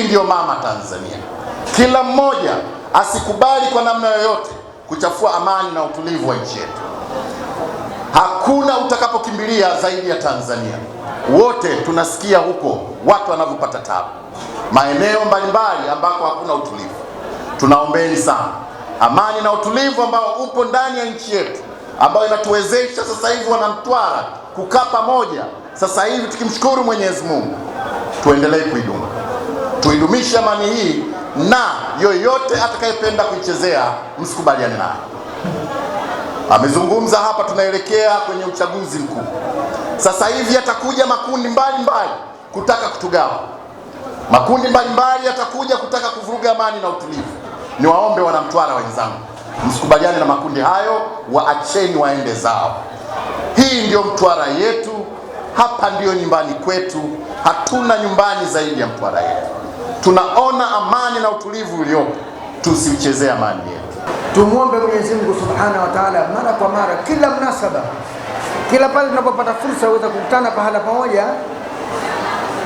Hii ndiyo mama Tanzania. Kila mmoja asikubali kwa namna yoyote kuchafua amani na utulivu wa nchi yetu. Hakuna utakapokimbilia zaidi ya Tanzania. Wote tunasikia huko watu wanavyopata tabu maeneo mbalimbali ambako hakuna utulivu. Tunaombeni sana amani na utulivu ambao upo ndani ya nchi yetu, ambayo inatuwezesha sasa hivi wanamtwara kukaa pamoja. Sasa hivi tukimshukuru Mwenyezi Mungu, tuendelee kuiduma tuidumishe amani hii, na yoyote atakayependa kuichezea msikubaliane naye. Amezungumza hapa, tunaelekea kwenye uchaguzi mkuu. Sasa hivi yatakuja makundi mbalimbali mbali kutaka kutugawa, makundi mbalimbali yatakuja kutaka kuvuruga amani na utulivu. Niwaombe wanamtwara wenzangu, msikubaliane na makundi hayo, waacheni waende zao. Hii ndiyo Mtwara yetu, hapa ndiyo nyumbani kwetu, hatuna nyumbani zaidi ya Mtwara yetu tunaona amani na utulivu uliopo, tusiuchezee amani yetu. Tumwombe Mwenyezi Mungu Subhanahu wa Ta'ala mara kwa mara, kila mnasaba, kila pale tunapopata fursa weza kukutana pahala pamoja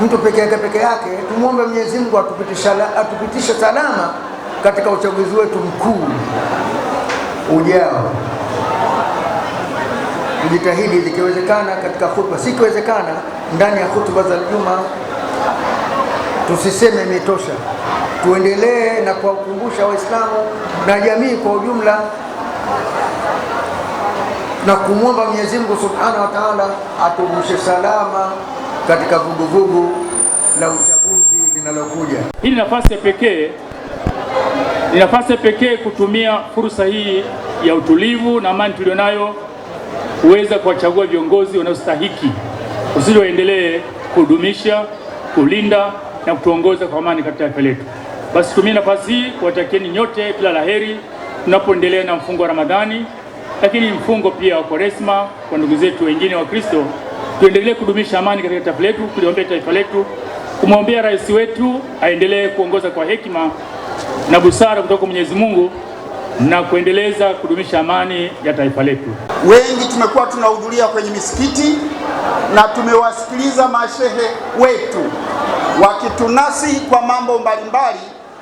mtu peke yake peke yake, tumwombe Mwenyezi Mungu atupitishe salama katika uchaguzi wetu mkuu ujao. Tujitahidi ikiwezekana katika khutba, sikiwezekana ndani ya khutba za Ijumaa tusiseme imetosha, tuendelee na kuwakumbusha Waislamu na jamii kwa ujumla na kumwomba Mwenyezi Mungu Subhanahu wa Ta'ala atuvushe salama katika vuguvugu la uchaguzi linalokuja. Hii ni nafasi ya pekee, ni nafasi ya pekee kutumia fursa hii ya utulivu na amani tulionayo kuweza kuwachagua viongozi wanaostahiki, usije kudumisha, kulinda na kutuongoza kwa amani katika taifa letu. Basi tutumie nafasi hii kuwatakieni nyote kila laheri tunapoendelea na mfungo wa Ramadhani, lakini mfungo pia wa Kwaresma kwa ndugu zetu wengine wa Kristo. Tuendelee kudumisha amani katika taifa letu, kuliombea taifa letu, kumwombea rais wetu aendelee kuongoza kwa hekima na busara kutoka kwa Mwenyezi Mungu na kuendeleza kudumisha amani ya taifa letu. Wengi tumekuwa tunahudhuria kwenye misikiti na tumewasikiliza mashehe wetu wakitunasi kwa mambo mbalimbali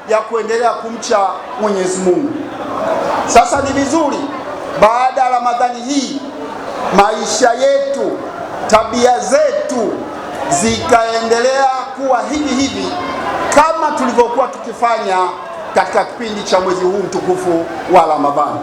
ya kuendelea kumcha Mwenyezi Mungu. Sasa ni vizuri baada ya Ramadhani hii maisha yetu, tabia zetu zikaendelea kuwa hivi hivi kama tulivyokuwa tukifanya katika kipindi cha mwezi huu mtukufu wa Ramadhani.